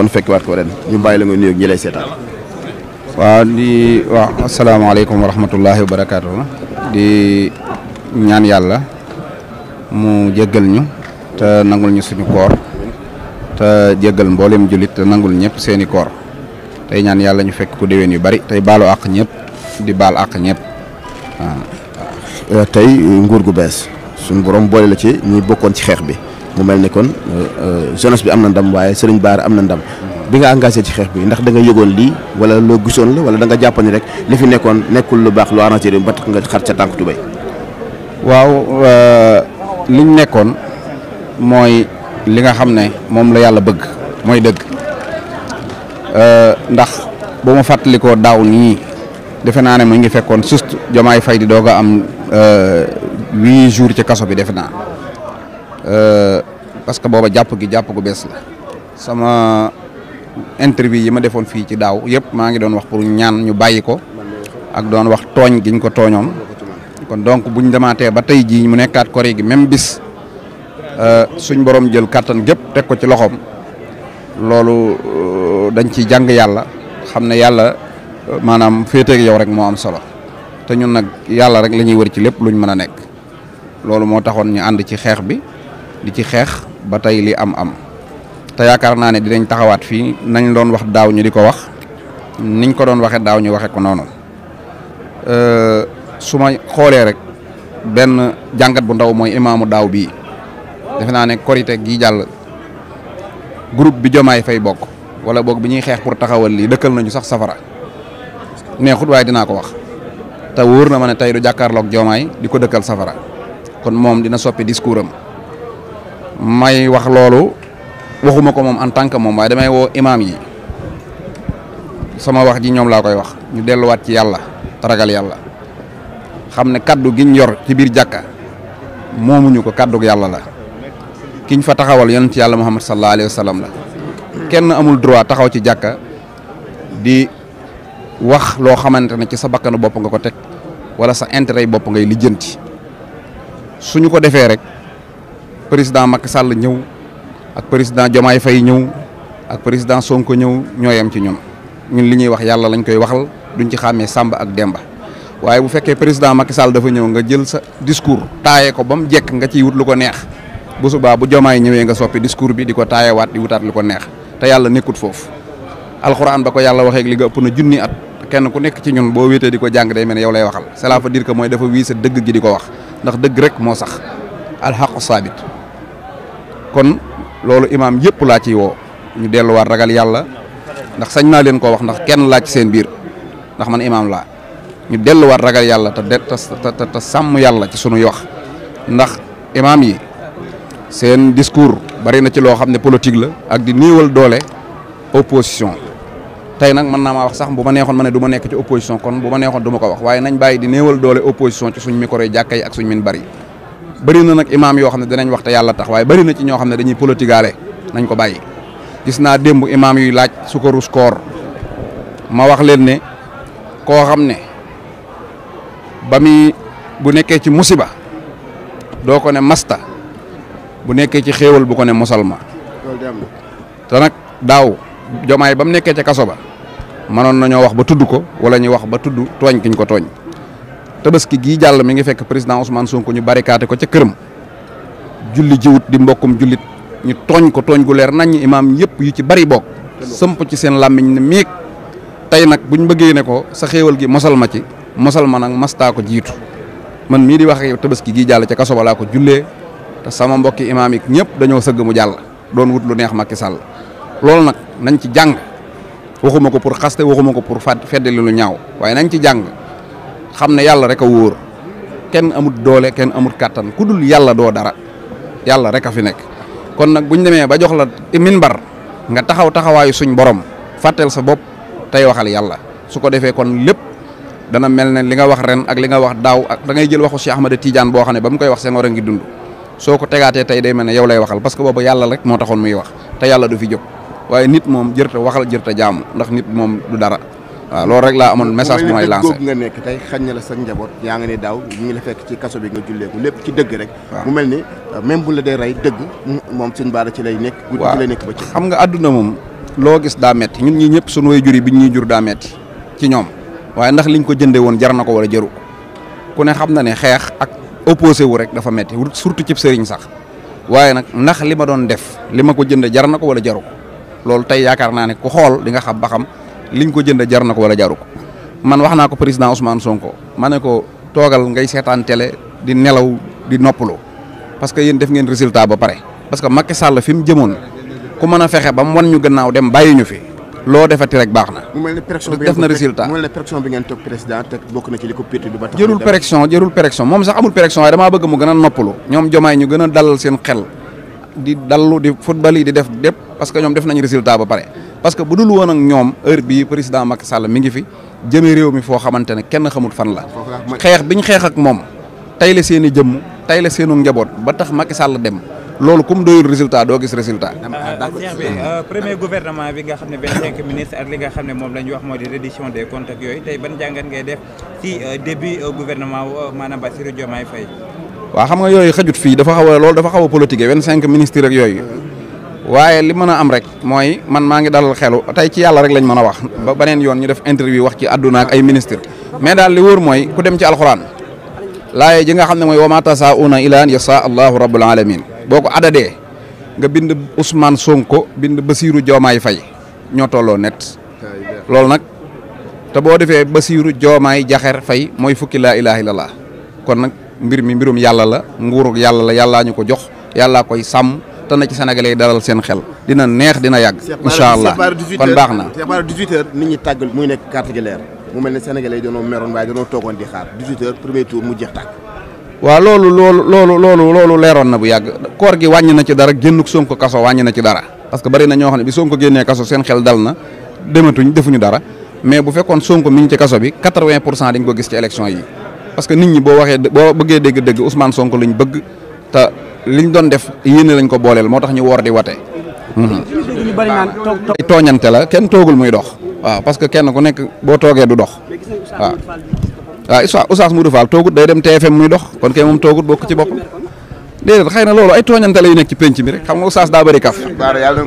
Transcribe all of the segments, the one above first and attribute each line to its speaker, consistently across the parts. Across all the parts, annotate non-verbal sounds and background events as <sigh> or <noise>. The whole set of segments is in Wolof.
Speaker 1: kon fekkiwaat ko ren ñu bàyyi la nga nuyoog ñi lay seetaan. waaw di waaw asalaamaaleykum wa rahmatullahi wa barakaatu di ñaan yàlla mu jéggal ñu te nangul ñu suñu koor te jéggal mboolem jullit te nangul ñëpp seeni koor tey ñaan yàlla ñu fekk ku déwén yu bari tey baalu àq ñëpp di baal àq ñëpp tey nguur gu bees suñu borom boole
Speaker 2: la ci ñi bokkoon ci xeex bi. mu mel ni kon euh, euh, jeunesse bi am na ndam waaye Serigne baar am na ndam bi nga engagé ci xeex bi ndax da nga yëgoon lii wala loo gisoon la wala da nga ni rek li fi nekkoon nekkul lu baax lu arrangé ba tax nga xar ca tànk tubéy
Speaker 1: waaw euh, liñ nekkoon mooy li nga xam ne moom la yàlla bëgg mooy dëgg ndax ba ma fàttalikoo daaw nii defe naa ne mu ngi fekkoon juste Diomaye fay di doog a am huit jours ci kaso bi defe naa Euh, parce que booba jàpp gi jàpp gu bees la sama interview yi ma defoon fii ci daaw yëpp maa ngi doon wax pour ñaan ñu bàyyi ko ak doon wax tooñ giñ ko tooñoon kon donc buñ demaatee ba tey jii mu nekkaat kori gi même bis euh, suñ borom jël kàttan gépp teg ko ci loxoom loolu euh, dañ ci jàng yàlla xam ne yàlla maanaam féeteeg yow rek moo am solo te ñun nag yàlla rek la ñuy wër ci lépp luñ mën a nekk loolu moo taxoon ñu ànd ci xeex bi di ci xeex ba tey li am am te yaakaar naa ne dinañ taxawaat fii nañ doon wax daaw ñu di ko wax niñ ko doon waxee daaw ñu waxee ko noonu euh, su ma xoolee rek benn jàngat bu ndaw mooy imaamu daaw bii defe naa ne korite gi jàll groupe bi jomaay fay bokk wala boog bi ñuy xeex pour taxawal lii dëkkal nañu sax safara neexut waaye dinaa ko wax te wóor na ma ne tey du jàkkaarloog jomaay di ko dëkkal safara kon moom dina soppi discours am may wax loolu waxuma ko moom en tant que moom waaye damay woo imaam yi sama wax ji ñoom laa koy wax ñu delluwaat ci yàlla ragal yàlla xam ne kàddu giñ yor ci biir jàkka moomuñu ko kaddu yàlla la kiñ fa taxawal ci yàlla muhammad sallallahu alayhi wa sallam la kenn amul droit taxaw ci jàkka di wax loo xamante ne ci sa bakkanu bopp nga ko teg wala sa intérêt yi bopp ngay lijjanti suñu ko defee rek. président Macky Sall ñëw ak président Diomaye Faye ñëw ak président Sonko ñëw ñooyam ci ñun ñun li ñuy wax yàlla lañ koy waxal duñ ci xàmmee sàmb ak Demba waaye bu fekkee président Macky Sall dafa ñëw nga jël sa discours taaye ko ba mu jekk nga ciy wut lu ko neex bu subaa bu Diomaye ñëwee nga soppi discours bi di ko taayewaat di wutaat lu ko neex te yàlla nekkut foofu alxuraan ba ko yàlla waxee li nga ëpp na junni at kenn ku nekk ci ñun boo wéetee di ko jàng day mel ne yow lay waxal cela veut dire que mooy dafa wii sa gi di ko wax ndax dëgg rek moo sax alxaqu saabit kon loolu imaam yëpp laa ciy woo ñu delluwaat ragal yàlla ndax sañ naa leen koo wax ndax kenn laaj ci seen biir ndax man imaam laa ñu delluwaat ragal yàlla ta de te te sàmm yàlla ci sunuy wax ndax imaam yi seen discours bari na ci loo xam ne politique la ak di niiwal doole opposition tey nag mën naa maa wax sax bu ma neexoon ma ne du nekk ci opposition kon bu ma neexoon du ko wax waaye nañ bàyyi di néewal doole opposition ci suñ micro yi jàkka yi ak suñ min bari bëri na nag imaam yoo xam ne danañ wax te yàlla tax waaye bëri na ci ñoo xam ne dañuy politigaale nañ ko bàyyi gis naa démb imaam yuy laaj sukaru koor ma wax leen ne koo xam ne ba mu bu nekkee ci musiba doo ko ne masta bu nekkee ci xéewal bu ko ne musalma te nag daaw jomaay ba mu nekkee ca kaso ba mënoon nañoo wax ba tudd ko wala ñu wax ba tudd tooñ kiñ ko tooñ tabaski gii jàll mi ngi fekk président Ousmane Sonko ñu barikaate ko ca këram julli jiwut di mbokkum jullit ñu tooñ ko tooñ gu leer naññ imaam yëpp yu ci bari boog sëmp ci seen làmmiñ ne miig tey nag buñ bëggee ne ko sa xéewal gi mosal ma ci mosal ma nag mastaa ko jiitu man mii di wax ak yow tabaski gii jàll ca kaso ko jullee te sama mbokki imaam yi ñëpp dañoo sëgg mu jàll doon wut lu neex ki sàll loolu nag nañ ci jàng waxuma ko pour xaste waxuma ko pour fàttali lu ñaaw waaye nañ ci jàng xam ne yàlla rek a wóor kenn amut doole kenn amut kàttan ku dul yàlla doo dara yàlla rek a fi nekk kon nag bu ñu demee ba jox la minbar nga taxaw taxawaayu suñ borom fàtteel sa bopp tey waxal yàlla su ko defee kon lépp dana mel ne li nga wax ren ak li nga wax daaw ak da ngay jël waxu ma Ahmada Tidiane boo xam ne ba mu koy wax seen war a ngi dund soo ko tegaatee tey day mel ne yow lay waxal parce que boobu yàlla rek moo taxoon muy wax te yàlla du fi jóg waaye nit moom jërta waxal jërta jaamu ndax nit moom dara waaw loolu rek laa amoon message bu may lancé
Speaker 2: nga nekk tey xañ na la sa njaboot yaa nga ne daaw ñu ngi la fekk ci kaso bi nga julleeku lépp ci dëgg rek mu mel ni euh, même bu la dee rey dëgg moom baa Bara ci lay nekk
Speaker 1: guddi nekk ba ci xam nga àdduna moom loo gis daa metti ñun ñi ñëpp suñu way jur bi ñuy jur daa metti ci ñoom waaye ndax liñ ko jënde woon jar na ko wala jaru ku ne xam na ne xeex ak opposé wu rek dafa metti surtout cib sëriñ sax waaye nag ndax li ma doon def li ma ko jënde jar na ko wala jaru loolu tey yaakaar naa ne ku xool di nga xam ba xam liñ ko jënd jar na ko wala jaru ko man wax naa ko président Ousmane Sonko ma ne ko toogal ngay seetaan télé di nelaw di noppaloo parce que yéen def ngeen résultat ba pare parce que Macky Sall fi mu jëmoon ku mën a fexe ba mu wan ñu gannaaw dem bàyyi ñu fi loo defati rek baax na.
Speaker 2: mu mel ne pression bi def na résultat ngeen toog président te bokk na ci li ko pété du ba tax
Speaker 1: jërul pression moom sax amul pression waaye damaa bëgg mu gën a noppalu. ñoom jomaay ñu gën a dalal seen xel di dallu di football yi di def lépp parce que ñoom def nañ résultat ba pare. parce que bu dul woon ak ñoom heure bi président Macky Sall mi ngi fi jëmee réew mi foo xamante ne kenn xamul fan la. xeex bi ñu ak moom tey la seen i jëmm tey la seenu njaboot ba tax Macky sàll dem. loolu comme doyul résultat doo gis résultat. Ah, euh, euh, premier gouvernement bi nga xam ne vingt cinq <laughs> ministres ak li nga xam ne moom la ñu wax moo di des comptes ak yooyu tey jàngat ngay def ci euh, début gouvernement wu maanaam Bassirou Diomaye Faye. waaw xam nga yooyu xajut fii dafa xaw a loolu dafa xaw a politique vingt cinq ministres ak yooyu. waaye li mën a am rek mooy man maa ngi dalal xelu tey ci yàlla rek lañ mën a wax ba beneen yoon ñu def interview wax ci àdduna ay ministre mais daal li wóor mooy ku dem ci alxuraan laaye ji nga xam ne mooy wa ma tasaauna ila an yasa allahu rabbul alamin boo ko adadee nga bind Ousmane Sonko bind Basirou joomaay fay ñoo tolloo net loolu nag te boo defee Basirou Diomaye Jaxeer fay mooy fukki laa ilaha illallah kon nag mbir mi mbirum yàlla la nguurug yàlla la yàllaa ñu ko jox yàllaa koy sàmm te na ci sénégalais yi dalal seen xel dina neex dina yàgg. incha allah kon baax na.
Speaker 2: nit ñi tàggal muy nekk carte gi leer
Speaker 1: loolu loolu loolu loolu leeroon na bu yàgg koor gi wàññi na ci dara génnuk Sonko kaso wàññi ci dara parce que bari ñoo xam ne bi Sonko génnee kaso seen xel dal na dematuñ defuñu dara mais bu fekkoon Sonko mi ci kaso bi 80 pour ko gis ci élection yi parce que nit ñi boo waxee boo bëggee dégg-dégg Ousmane Sonko lañ bëgg te liñ doon def yéene lañ ko booleel moo tax ñu woor di wate. tooñante la kenn toogul muy dox. waaw parce que kenn ku nekk boo toogee du dox. waaw waaw Oustaz Oustaz Modou Fall toogut day dem TFM muy dox kon kay moom toogut bokk ci boppam. déedéet xëy na loolu ay tooñante la yu nekk ci penc bi rek xam nga Oustaz daa bëri kaf.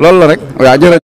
Speaker 1: loolu la rek waaw jërëjëf